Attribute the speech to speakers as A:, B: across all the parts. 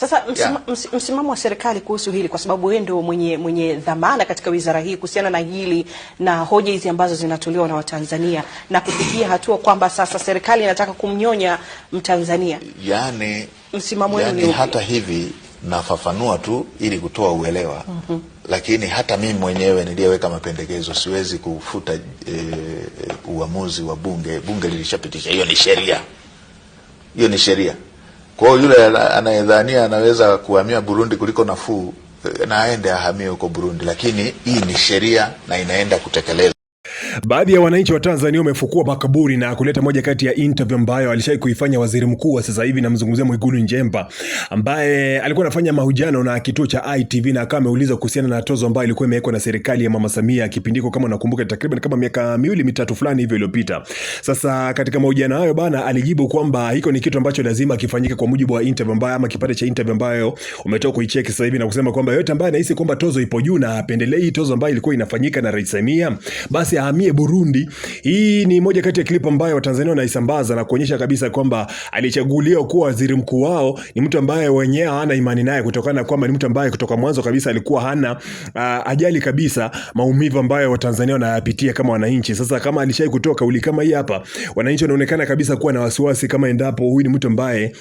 A: Sasa msimamo yeah. msimamo wa serikali kuhusu hili, kwa sababu wewe ndio mwenye mwenye dhamana katika wizara hii kuhusiana na hili na hoja hizi ambazo zinatolewa na Watanzania na kufikia hatua kwamba sasa serikali inataka kumnyonya Mtanzania,
B: yani msimamo wenu yani, hata hivi nafafanua tu ili kutoa uelewa mm -hmm. Lakini hata mimi mwenyewe niliyeweka mapendekezo siwezi kufuta e, uamuzi wa bunge. Bunge lilishapitisha hiyo, ni sheria hiyo, ni sheria. Kwa yule anayedhania anaweza kuhamia Burundi kuliko nafuu eh, na aende ahamie huko Burundi, lakini hii ni sheria na inaenda kutekelezwa.
C: Baadhi ya wananchi wa Tanzania wamefukua makaburi na kuleta moja kati ya interview ambayo alishai kuifanya waziri mkuu wa sasa hivi, namzungumzia Mwigulu Njemba ambaye alikuwa anafanya mahojiano na kituo cha ITV na akawa ameuliza kuhusiana na tozo ambayo ilikuwa imewekwa na serikali ya Mama Samia kipindiko, kama unakumbuka, takriban kama miaka miwili mitatu fulani hivyo iliyopita. Sasa katika mahojiano hayo bana, alijibu kwamba hiko ni kitu ambacho lazima kifanyike kwa mujibu wa interview ambayo ama kipande cha interview ambayo umetoka kuicheki sasa hivi, na kusema kwamba yote ambaye anahisi kwamba tozo ipo juu na apendelei tozo ambayo ilikuwa inafanyika na Rais Samia basi ahamie Tuangalie Burundi. Hii ni moja kati ya clip ambayo Watanzania wanaisambaza na kuonyesha kabisa kwamba alichaguliwa kuwa waziri mkuu wao ni mtu ambaye wenyewe hana imani naye, kutokana kwamba ni mtu ambaye kutoka mwanzo kabisa alikuwa hana uh, ajali kabisa maumivu ambayo Watanzania wanayapitia kama wananchi. Sasa kama alishai kutoa kauli kama hii hapa, wananchi wanaonekana kabisa kuwa na wasiwasi kama endapo huyu ni mtu ambaye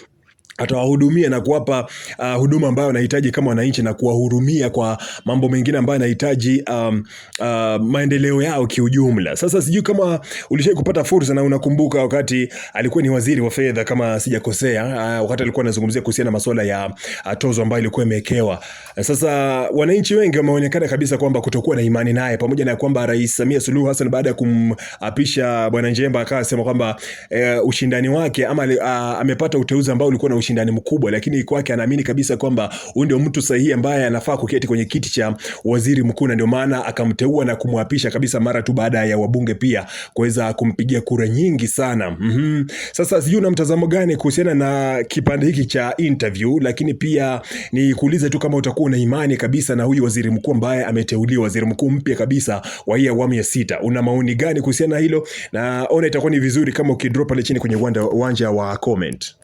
C: atawahudumia na kuwapa uh, huduma ambayo anahitaji kama wananchi na kuwahurumia kwa mambo mengine ambayo anahitaji um, uh, maendeleo yao kiujumla. Sasa sijui kama ulishai kupata fursa na unakumbuka wakati alikuwa ni waziri wa fedha kama sijakosea, uh, wakati alikuwa anazungumzia kuhusiana na masuala ya uh, tozo ambayo ilikuwa imewekewa sasa wananchi wengi wameonekana kabisa kwamba kutokuwa na imani naye, pamoja na kwamba Rais Samia Suluhu Hassan baada ya kumapisha Bwana Njemba akasema kwamba e, ushindani wake ama a, eh, amepata uteuzi ambao ulikuwa na ushindani mkubwa, lakini kwake anaamini kabisa kwamba huyu ndio mtu sahihi ambaye anafaa kuketi kwenye kiti cha waziri mkuu, na ndio maana akamteua na kumwapisha kabisa mara tu baada ya wabunge pia kuweza kumpigia kura nyingi sana. mm -hmm. Sasa sijui una mtazamo gani kuhusiana na kipande hiki cha interview, lakini pia ni nikuulize tu kama utakuwa una imani kabisa na huyu waziri mkuu ambaye ameteuliwa, waziri mkuu mpya kabisa wa hii awamu ya sita? Una maoni gani kuhusiana na hilo? Naona itakuwa ni vizuri kama ukidrop pale chini kwenye uwanja wa comment.